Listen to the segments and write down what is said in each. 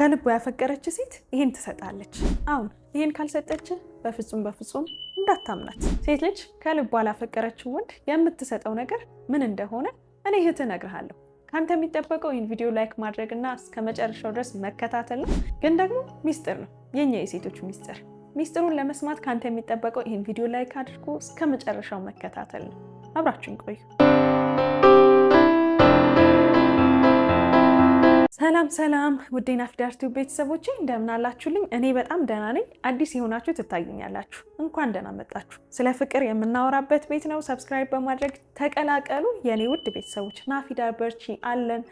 ከልቧ ያፈቀረች ሴት ይሄን ትሰጣለች። አሁን ይሄን ካልሰጠች በፍጹም በፍጹም እንዳታምናት። ሴት ልጅ ከልቧ ላፈቀረችው ወንድ የምትሰጠው ነገር ምን እንደሆነ እኔ እህት እነግርሃለሁ። ከአንተ የሚጠበቀው ይህን ቪዲዮ ላይክ ማድረግና እስከ መጨረሻው ድረስ መከታተል ነው። ግን ደግሞ ሚስጥር ነው፣ የኛ የሴቶች ሚስጥር። ሚስጥሩን ለመስማት ከአንተ የሚጠበቀው ይህን ቪዲዮ ላይክ አድርጎ እስከ መጨረሻው መከታተል ነው። አብራችን ቆዩ። ሰላም ሰላም ውዴ ናፊዳር ቲዩብ ቤተሰቦች እንደምን አላችሁልኝ? እኔ በጣም ደህና ነኝ። አዲስ የሆናችሁ ትታዩኛላችሁ፣ እንኳን ደህና መጣችሁ። ስለ ፍቅር የምናወራበት ቤት ነው። ሰብስክራይብ በማድረግ ተቀላቀሉ የኔ ውድ ቤተሰቦች። ናፊዳር በርቺ፣ አለን፣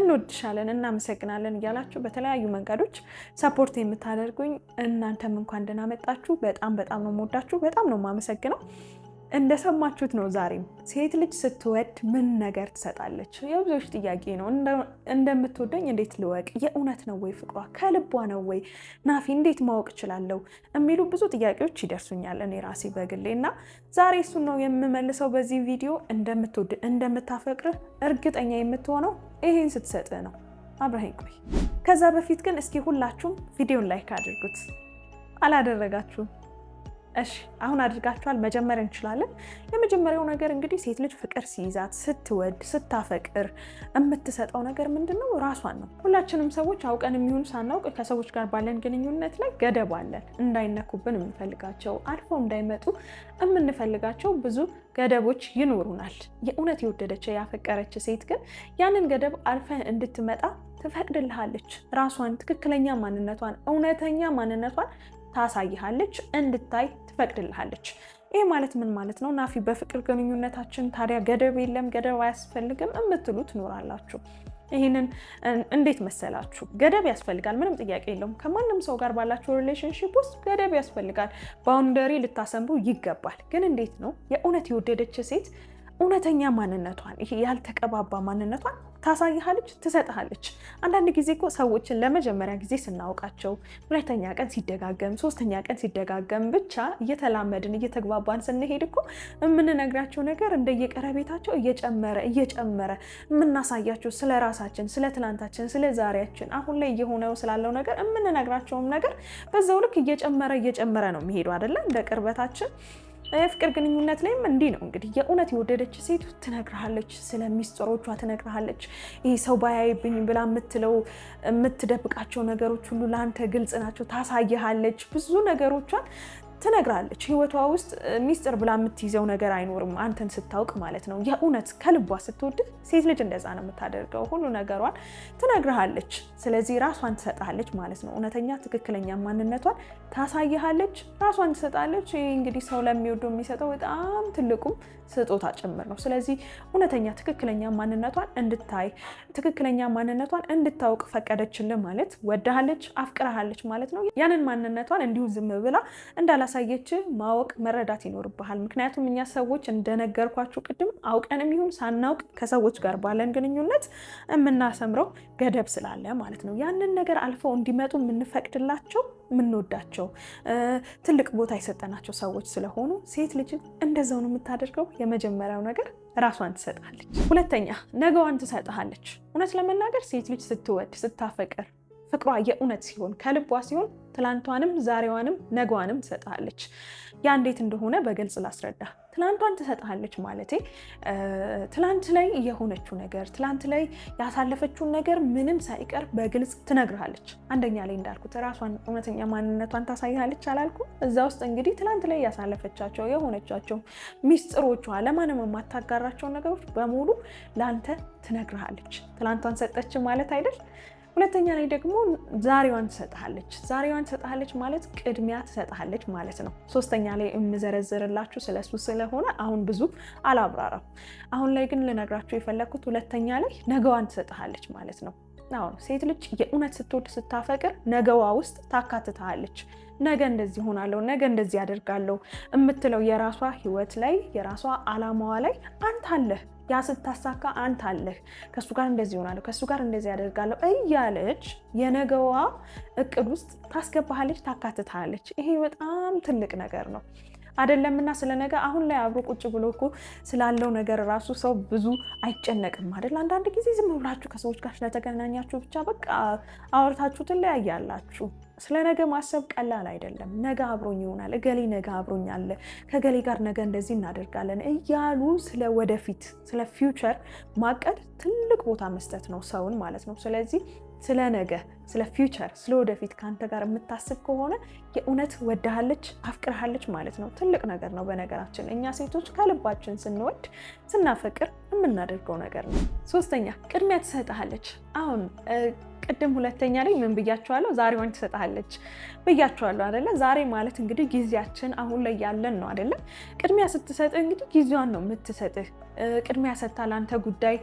እንወድሻለን፣ እናመሰግናለን እያላችሁ በተለያዩ መንገዶች ሰፖርት የምታደርጉኝ እናንተም እንኳን ደህና መጣችሁ። በጣም በጣም ነው የምወዳችሁ፣ በጣም ነው የማመሰግነው። እንደሰማችሁት ነው። ዛሬም ሴት ልጅ ስትወድ ምን ነገር ትሰጣለች? የብዙዎች ጥያቄ ነው። እንደምትወደኝ እንዴት ልወቅ? የእውነት ነው ወይ ፍቅሯ? ከልቧ ነው ወይ? ናፊ እንዴት ማወቅ እችላለሁ? የሚሉ ብዙ ጥያቄዎች ይደርሱኛል እኔ ራሴ በግሌ እና ዛሬ እሱን ነው የምመልሰው በዚህ ቪዲዮ። እንደምትወድ እንደምታፈቅርህ እርግጠኛ የምትሆነው ይሄን ስትሰጥህ ነው። አብረኸኝ ቆይ። ከዛ በፊት ግን እስኪ ሁላችሁም ቪዲዮን ላይክ አድርጉት። አላደረጋችሁም እሺ አሁን አድርጋችኋል፣ መጀመር እንችላለን። የመጀመሪያው ነገር እንግዲህ ሴት ልጅ ፍቅር ሲይዛት፣ ስትወድ፣ ስታፈቅር የምትሰጠው ነገር ምንድን ነው? ራሷን ነው። ሁላችንም ሰዎች አውቀን የሚሆን ሳናውቅ ከሰዎች ጋር ባለን ግንኙነት ላይ ገደብ አለን። እንዳይነኩብን የምንፈልጋቸው አልፎ እንዳይመጡ የምንፈልጋቸው ብዙ ገደቦች ይኖሩናል። የእውነት የወደደች ያፈቀረች ሴት ግን ያንን ገደብ አልፈ እንድትመጣ ትፈቅድልሃለች። ራሷን፣ ትክክለኛ ማንነቷን፣ እውነተኛ ማንነቷን ታሳይሃለች፣ እንድታይ ትፈቅድልሃለች። ይህ ማለት ምን ማለት ነው? ናፊ በፍቅር ግንኙነታችን ታዲያ ገደብ የለም፣ ገደብ አያስፈልግም የምትሉ ትኖራላችሁ። ይህንን እንዴት መሰላችሁ? ገደብ ያስፈልጋል፣ ምንም ጥያቄ የለውም። ከማንም ሰው ጋር ባላችሁ ሪሌሽንሽፕ ውስጥ ገደብ ያስፈልጋል። ባውንደሪ ልታሰምሩ ይገባል። ግን እንዴት ነው የእውነት የወደደች ሴት እውነተኛ ማንነቷን ይሄ ያልተቀባባ ማንነቷን ታሳይሃለች፣ ትሰጥሃለች። አንዳንድ ጊዜ እኮ ሰዎችን ለመጀመሪያ ጊዜ ስናውቃቸው ሁለተኛ ቀን ሲደጋገም፣ ሶስተኛ ቀን ሲደጋገም ብቻ እየተላመድን እየተግባባን ስንሄድ እኮ የምንነግራቸው ነገር እንደየቀረቤታቸው እየጨመረ እየጨመረ የምናሳያቸው ስለ ራሳችን፣ ስለ ትናንታችን፣ ስለ ዛሬያችን አሁን ላይ እየሆነው ስላለው ነገር የምንነግራቸውም ነገር በዛው ልክ እየጨመረ እየጨመረ ነው የሚሄዱ አይደለም እንደ ቅርበታችን የፍቅር ግንኙነት ላይም እንዲህ ነው እንግዲህ። የእውነት የወደደች ሴት ትነግርሃለች፣ ስለ ሚስጥሮቿ ትነግርሃለች። ይህ ሰው ባያይብኝ ብላ የምትለው የምትደብቃቸው ነገሮች ሁሉ ለአንተ ግልጽ ናቸው፣ ታሳይሃለች። ብዙ ነገሮቿን ትነግራለች። ህይወቷ ውስጥ ሚስጥር ብላ የምትይዘው ነገር አይኖርም። አንተን ስታውቅ ማለት ነው። የእውነት ከልቧ ስትወድህ ሴት ልጅ እንደዛ ነው የምታደርገው። ሁሉ ነገሯን ትነግርሃለች። ስለዚህ ራሷን ትሰጣለች ማለት ነው። እውነተኛ ትክክለኛ ማንነቷን ታሳይሃለች፣ ራሷን ትሰጣለች። ይህ እንግዲህ ሰው ለሚወደው የሚሰጠው በጣም ትልቁም ስጦታ ጭምር ነው። ስለዚህ እውነተኛ ትክክለኛ ማንነቷን እንድታይ ትክክለኛ ማንነቷን እንድታውቅ ፈቀደችልን ማለት ወዳሃለች፣ አፍቅረሃለች ማለት ነው። ያንን ማንነቷን እንዲሁ ዝም ብላ እንዳላ እንዳሳየች ማወቅ መረዳት ይኖርብሃል። ምክንያቱም እኛ ሰዎች እንደነገርኳችሁ ቅድም አውቀንም ይሁን ሳናውቅ ከሰዎች ጋር ባለን ግንኙነት የምናሰምረው ገደብ ስላለ ማለት ነው። ያንን ነገር አልፈው እንዲመጡ የምንፈቅድላቸው የምንወዳቸው ትልቅ ቦታ የሰጠናቸው ሰዎች ስለሆኑ ሴት ልጅን እንደዛው ነው የምታደርገው። የመጀመሪያው ነገር ራሷን ትሰጣለች። ሁለተኛ ነገዋን ትሰጥሃለች። እውነት ለመናገር ሴት ልጅ ስትወድ ስታፈቅር ፍቅሯ የእውነት ሲሆን ከልቧ ሲሆን ትላንቷንም ዛሬዋንም ነገዋንም ትሰጥሃለች። ያ እንዴት እንደሆነ በግልጽ ላስረዳ። ትላንቷን ትሰጥሃለች ማለቴ ትላንት ላይ የሆነችው ነገር፣ ትላንት ላይ ያሳለፈችውን ነገር ምንም ሳይቀር በግልጽ ትነግርሃለች። አንደኛ ላይ እንዳልኩት ራሷን እውነተኛ ማንነቷን ታሳይሃለች አላልኩ? እዛ ውስጥ እንግዲህ ትላንት ላይ ያሳለፈቻቸው የሆነቻቸው ሚስጥሮቿ፣ ለማንም የማታጋራቸውን ነገሮች በሙሉ ለአንተ ትነግርሃለች። ትላንቷን ሰጠች ማለት አይደል? ሁለተኛ ላይ ደግሞ ዛሬዋን ትሰጥሃለች። ዛሬዋን ትሰጥሃለች ማለት ቅድሚያ ትሰጥሃለች ማለት ነው። ሶስተኛ ላይ የምዘረዝርላችሁ ስለሱ ስለሆነ አሁን ብዙ አላብራራም። አሁን ላይ ግን ልነግራችሁ የፈለግኩት ሁለተኛ ላይ ነገዋን ትሰጥሃለች ማለት ነው። አሁን ሴት ልጅ የእውነት ስትወድ ስታፈቅር ነገዋ ውስጥ ታካትታለች። ነገ እንደዚህ ሆናለሁ፣ ነገ እንደዚህ አደርጋለሁ የምትለው የራሷ ህይወት ላይ የራሷ አላማዋ ላይ አንተ አለህ። ያ ስታሳካ አንተ አለህ። ከእሱ ጋር እንደዚህ ሆናለሁ፣ ከእሱ ጋር እንደዚህ አደርጋለሁ እያለች የነገዋ እቅድ ውስጥ ታስገባሃለች፣ ታካትታለች። ይሄ በጣም ትልቅ ነገር ነው። አይደለምና ስለ ነገ አሁን ላይ አብሮ ቁጭ ብሎ እኮ ስላለው ነገር ራሱ ሰው ብዙ አይጨነቅም አይደል? አንዳንድ ጊዜ ዝም ብላችሁ ከሰዎች ጋር ስለተገናኛችሁ ብቻ በቃ አወርታችሁ ትለያያላችሁ። ስለ ነገ ማሰብ ቀላል አይደለም። ነገ አብሮኝ ይሆናል፣ እገሌ ነገ አብሮኝ አለ፣ ከገሌ ጋር ነገ እንደዚህ እናደርጋለን እያሉ ስለ ወደፊት ስለ ፊውቸር ማቀድ ትልቅ ቦታ መስጠት ነው ሰውን ማለት ነው። ስለዚህ ስለ ነገ፣ ስለ ፊውቸር፣ ስለ ወደፊት ከአንተ ጋር የምታስብ ከሆነ የእውነት ወዳሃለች፣ አፍቅርሃለች ማለት ነው። ትልቅ ነገር ነው። በነገራችን እኛ ሴቶች ከልባችን ስንወድ ስናፈቅር የምናደርገው ነገር ነው። ሶስተኛ ቅድሚያ ትሰጥሃለች። አሁን ቅድም ሁለተኛ ላይ ምን ብያቸዋለሁ? ዛሬዋን ትሰጥሃለች ብያቸዋለሁ አደለ? ዛሬ ማለት እንግዲህ ጊዜያችን አሁን ላይ ያለን ነው አደለ? ቅድሚያ ስትሰጥህ እንግዲህ ጊዜዋን ነው የምትሰጥህ ቅድሚያ ሰጥታ ለአንተ ጉዳይ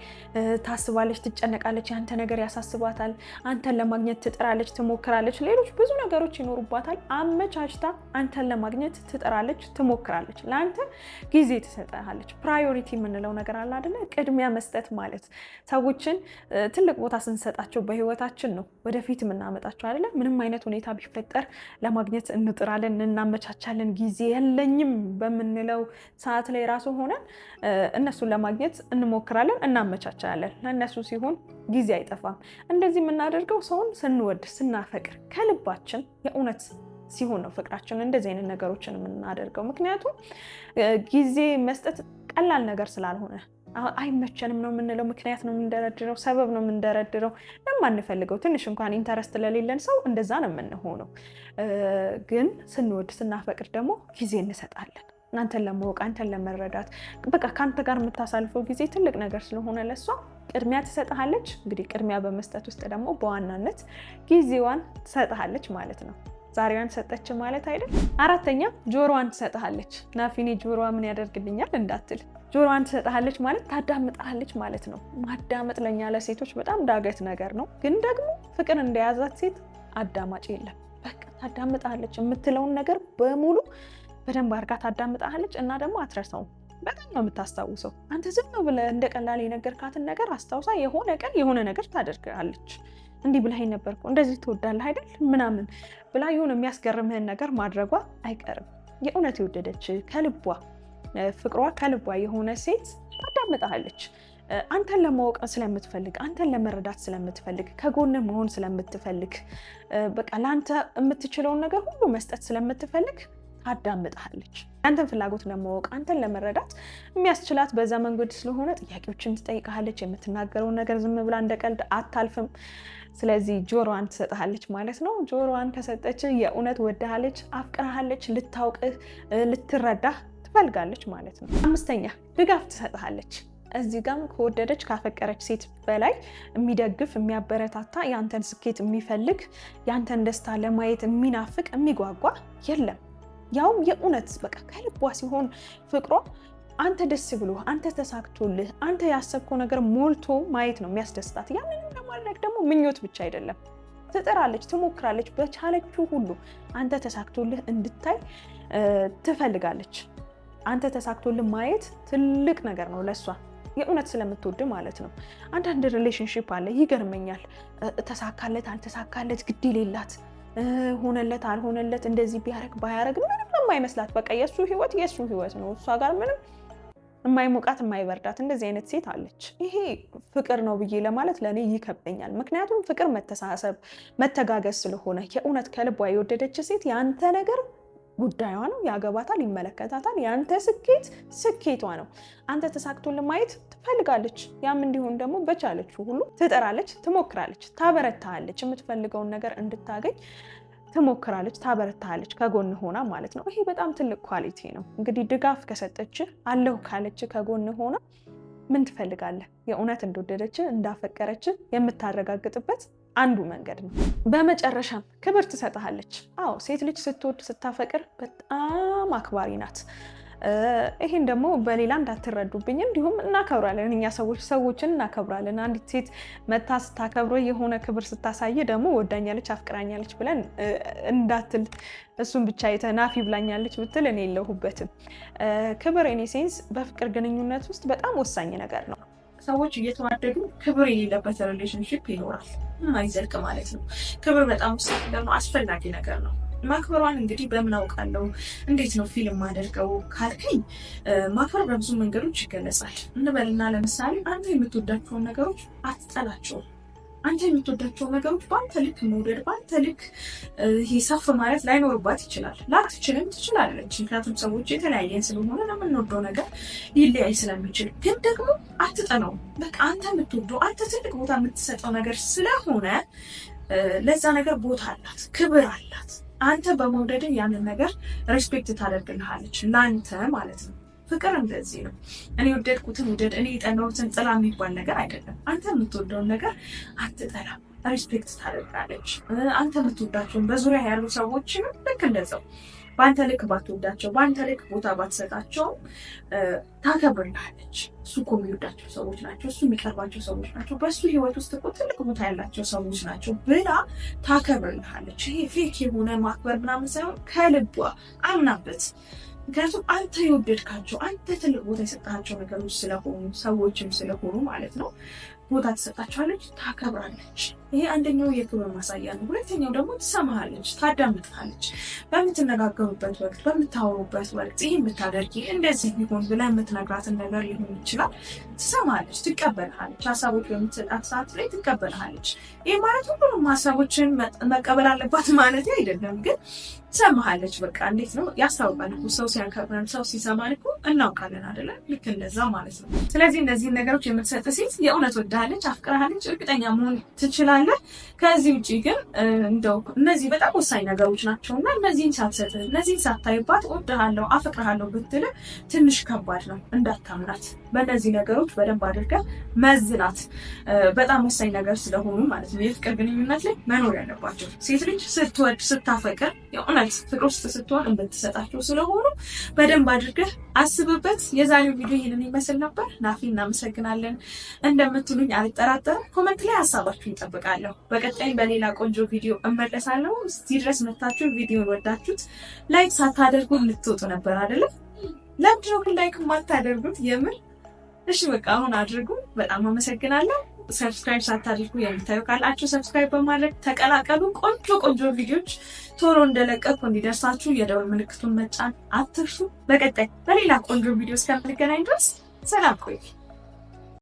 ታስባለች፣ ትጨነቃለች፣ የአንተ ነገር ያሳስባታል፣ አንተን ለማግኘት ትጥራለች፣ ትሞክራለች። ሌሎች ብዙ ነገሮች ይኖሩባታል። አመቻችታ አንተን ለማግኘት ትጥራለች፣ ትሞክራለች፣ ለአንተ ጊዜ ትሰጠሃለች። ፕራዮሪቲ የምንለው ነገር አለ አይደለ? ቅድሚያ መስጠት ማለት ሰዎችን ትልቅ ቦታ ስንሰጣቸው በህይወታችን ነው ወደፊት የምናመጣቸው አይደለ? ምንም አይነት ሁኔታ ቢፈጠር ለማግኘት እንጥራለን፣ እናመቻቻለን ጊዜ የለኝም በምንለው ሰዓት ላይ ራሱ ሆነን እነሱ እነሱን ለማግኘት እንሞክራለን፣ እናመቻቻለን። ለእነሱ ሲሆን ጊዜ አይጠፋም። እንደዚህ የምናደርገው ሰውን ስንወድ ስናፈቅር ከልባችን የእውነት ሲሆን ነው ፍቅራችን። እንደዚህ አይነት ነገሮችን የምናደርገው ምክንያቱም ጊዜ መስጠት ቀላል ነገር ስላልሆነ አይመቸንም ነው የምንለው። ምክንያት ነው የምንደረድረው፣ ሰበብ ነው የምንደረድረው ለማንፈልገው ትንሽ እንኳን ኢንተረስት ለሌለን ሰው እንደዛ ነው የምንሆነው። ግን ስንወድ ስናፈቅር ደግሞ ጊዜ እንሰጣለን። አንተን ለማወቅ አንተን ለመረዳት በቃ ከአንተ ጋር የምታሳልፈው ጊዜ ትልቅ ነገር ስለሆነ ለሷ ቅድሚያ ትሰጥሃለች። እንግዲህ ቅድሚያ በመስጠት ውስጥ ደግሞ በዋናነት ጊዜዋን ትሰጥሃለች ማለት ነው። ዛሬዋን ሰጠች ማለት አይደል? አራተኛ ጆሮዋን ትሰጥሃለች። ናፊኒ ጆሮዋ ምን ያደርግልኛል እንዳትል ጆሮዋን ትሰጥሃለች ማለት ታዳምጣለች ማለት ነው። ማዳመጥ ለእኛ ለሴቶች በጣም ዳገት ነገር ነው። ግን ደግሞ ፍቅር እንደያዛት ሴት አዳማጭ የለም። በቃ ታዳምጣለች የምትለውን ነገር በሙሉ በደንብ አርጋ ታዳምጣለች እና ደግሞ አትረሳውም። በጣም ነው የምታስታውሰው። አንተ ዝም ብለህ እንደ ቀላል የነገርካትን ነገር አስታውሳ የሆነ ቀን የሆነ ነገር ታደርጋለች። እንዲህ ብላኝ ነበር እኮ እንደዚህ ትወዳለህ አይደል ምናምን ብላ የሆነ የሚያስገርምህን ነገር ማድረጓ አይቀርም። የእውነት የወደደች ከልቧ ፍቅሯ ከልቧ የሆነ ሴት ታዳምጣለች። አንተን ለማወቅ ስለምትፈልግ አንተን ለመረዳት ስለምትፈልግ ከጎን መሆን ስለምትፈልግ በቃ ለአንተ የምትችለውን ነገር ሁሉ መስጠት ስለምትፈልግ አዳምጣለች። ያንተን ፍላጎት ለማወቅ አንተን ለመረዳት የሚያስችላት በዛ መንገድ ስለሆነ ጥያቄዎችን ትጠይቃለች። የምትናገረውን ነገር ዝም ብላ እንደ ቀልድ አታልፍም። ስለዚህ ጆሮዋን ትሰጥሃለች ማለት ነው። ጆሮዋን ከሰጠች የእውነት ወዳሃለች፣ አፍቅርሃለች፣ ልታውቅህ ልትረዳህ ትፈልጋለች ማለት ነው። አምስተኛ ድጋፍ ትሰጥሃለች። እዚህ ጋም ከወደደች ካፈቀረች ሴት በላይ የሚደግፍ የሚያበረታታ፣ ያንተን ስኬት የሚፈልግ፣ ያንተን ደስታ ለማየት የሚናፍቅ የሚጓጓ የለም። ያውም የእውነት በቃ ከልቧ ሲሆን ፍቅሯ አንተ ደስ ብሎ አንተ ተሳክቶልህ አንተ ያሰብከው ነገር ሞልቶ ማየት ነው የሚያስደስታት። ያንንም ለማድረግ ደግሞ ምኞት ብቻ አይደለም፣ ትጥራለች፣ ትሞክራለች። በቻለችው ሁሉ አንተ ተሳክቶልህ እንድታይ ትፈልጋለች። አንተ ተሳክቶልህ ማየት ትልቅ ነገር ነው ለእሷ የእውነት ስለምትወድ ማለት ነው። አንዳንድ ሪሌሽንሽፕ አለ ይገርመኛል። ተሳካለት አልተሳካለት ግድ ሌላት ሆነለት አልሆነለት እንደዚህ ቢያረግ ባያረግ የማይመስላት በቃ የእሱ ህይወት የእሱ ህይወት ነው። እሷ ጋር ምንም የማይሞቃት የማይበርዳት እንደዚህ አይነት ሴት አለች። ይሄ ፍቅር ነው ብዬ ለማለት ለእኔ ይከብደኛል። ምክንያቱም ፍቅር መተሳሰብ፣ መተጋገዝ ስለሆነ የእውነት ከልቧ የወደደች ሴት የአንተ ነገር ጉዳዩ ነው። ያገባታል፣ ይመለከታታል። ያንተ ስኬት ስኬቷ ነው። አንተ ተሳክቶል ማየት ትፈልጋለች። ያም እንዲሆን ደግሞ በቻለችው ሁሉ ትጥራለች፣ ትሞክራለች፣ ታበረታለች የምትፈልገውን ነገር እንድታገኝ ትሞክራለች፣ ታበረታለች ከጎን ሆና ማለት ነው። ይሄ በጣም ትልቅ ኳሊቲ ነው። እንግዲህ ድጋፍ ከሰጠች አለሁ ካለች ከጎን ሆና ምን ትፈልጋለህ? የእውነት እንደወደደች እንዳፈቀረች የምታረጋግጥበት አንዱ መንገድ ነው። በመጨረሻም ክብር ትሰጥሃለች። አዎ ሴት ልጅ ስትወድ ስታፈቅር በጣም አክባሪ ናት። ይሄን ደግሞ በሌላ እንዳትረዱብኝ፣ እንዲሁም እናከብራለን። እኛ ሰዎች ሰዎችን እናከብራለን። አንዲት ሴት መታ ስታከብረ የሆነ ክብር ስታሳየ ደግሞ ወዳኛለች አፍቅራኛለች ብለን እንዳትል እሱን ብቻ የተናፊ ብላኛለች ብትል እኔ የለሁበትም። ክብር እኔ ሴንስ በፍቅር ግንኙነት ውስጥ በጣም ወሳኝ ነገር ነው። ሰዎች እየተዋደዱ ክብር የሌለበት ሪሌሽንሽፕ ይኖራል፣ አይዘልቅ ማለት ነው። ክብር በጣም ደግሞ አስፈላጊ ነገር ነው። ማክበሯን እንግዲህ በምን አውቃለሁ፣ እንዴት ነው ፊልም አደርገው ካልከኝ ማክበር በብዙ መንገዶች ይገለጻል እንበልና ለምሳሌ አንተ የምትወዳቸውን ነገሮች አትጠላቸው አንተ የምትወዳቸው ነገሮች በአንተ ልክ መውደድ በአንተ ልክ ሂሳፍ ማለት ላይኖርባት ይችላል። ላትችልም ትችላለች። ምክንያቱም ሰዎች የተለያየን ስለሆነ ለምንወደው ነገር ሊለያይ ስለሚችል፣ ግን ደግሞ አትጠነው። በቃ አንተ የምትወደው አንተ ትልቅ ቦታ የምትሰጠው ነገር ስለሆነ ለዛ ነገር ቦታ አላት፣ ክብር አላት። አንተ በመውደድ ያንን ነገር ሬስፔክት ታደርግልሃለች ለአንተ ማለት ነው። ፍቅር እንደዚህ ነው። እኔ የወደድኩትን ውደድ፣ እኔ የጠላሁትን ጥላ የሚባል ነገር አይደለም። አንተ የምትወደውን ነገር አትጠላም፣ ሬስፔክት ታደርጋለች። አንተ የምትወዳቸውን በዙሪያ ያሉ ሰዎችንም ልክ እንደዛው በአንተ ልክ ባትወዳቸው፣ በአንተ ልክ ቦታ ባትሰጣቸው ታከብርልሃለች። እሱ እኮ የሚወዳቸው ሰዎች ናቸው፣ እሱ የሚቀርባቸው ሰዎች ናቸው፣ በእሱ ህይወት ውስጥ እኮ ትልቅ ቦታ ያላቸው ሰዎች ናቸው ብላ ታከብርልሃለች። ይሄ ፌክ የሆነ ማክበር ምናምን ሳይሆን ከልቧ አምናበት ምክንያቱም አንተ የወደድካቸው አንተ ትልቅ ቦታ የሰጣቸው ነገሮች ስለሆኑ ሰዎችም ስለሆኑ ማለት ነው። ቦታ ትሰጣችኋለች፣ ታከብራለች። ይሄ አንደኛው የክብር ማሳያ ነው። ሁለተኛው ደግሞ ትሰማሃለች፣ ታዳምጣለች በምትነጋገሩበት ወቅት፣ በምታወሩበት ወቅት ይህ የምታደርጊ እንደዚህ ቢሆን ብላ የምትነግራትን ነገር ሊሆን ይችላል። ትሰማለች ትቀበልሃለች። ሀሳቦች በምትሰጣት ሰዓት ላይ ትቀበልሃለች። ይህ ማለት ሁሉንም ሀሳቦችን መቀበል አለባት ማለት አይደለም፣ ግን ትሰማሃለች። በቃ እንዴት ነው ያስታውቃል። ሰው ሲያከብረን፣ ሰው ሲሰማን እናውቃለን አይደለም። ልክ እንደዛ ማለት ነው። ስለዚህ እነዚህን ነገሮች የምትሰጥ ሴት የእውነት ወዳ ትወዳለች፣ አፍቅራለች፣ እርግጠኛ መሆን ትችላለህ። ከዚህ ውጭ ግን እንደው እነዚህ በጣም ወሳኝ ነገሮች ናቸው እና እነዚህን ሳትሰጥ እነዚህን ሳታይባት እወድሃለሁ፣ አፍቅርሃለሁ ብትል ትንሽ ከባድ ነው። እንዳታምናት በእነዚህ ነገሮች በደንብ አድርገህ መዝናት በጣም ወሳኝ ነገር ስለሆኑ ማለት ነው። የፍቅር ግንኙነት ላይ መኖር ያለባቸው ሴት ልጅ ስትወድ ስታፈቅር የእውነት ፍቅር ውስጥ ስትሆን የምትሰጣቸው ስለሆኑ በደንብ አድርገህ አስብበት። የዛሬው ቪዲዮ ይህንን ይመስል ነበር። ናፊ እናመሰግናለን እንደምትሉ እንደምትሉኝ አልጠራጠርም። ኮመንት ላይ ሀሳባችሁ እንጠብቃለሁ። በቀጣይ በሌላ ቆንጆ ቪዲዮ እመለሳለሁ። እዚህ ድረስ መታችሁ ቪዲዮን ወዳችሁት ላይክ ሳታደርጉ ልትወጡ ነበር አይደለም? ለምንድነው ግን ላይክ ማታደርጉት? የምን እሺ በቃ አሁን አድርጉ። በጣም አመሰግናለሁ። ሰብስክራይብ ሳታደርጉ የምታዩ ካላችሁ ሰብስክራይብ በማድረግ ተቀላቀሉ። ቆንጆ ቆንጆ ቪዲዮዎች ቶሎ እንደለቀቁ እንዲደርሳችሁ የደውል ምልክቱን መጫን አትርሱ። በቀጣይ በሌላ ቆንጆ ቪዲዮ እስከምንገናኝ ድረስ ሰላም ቆይ።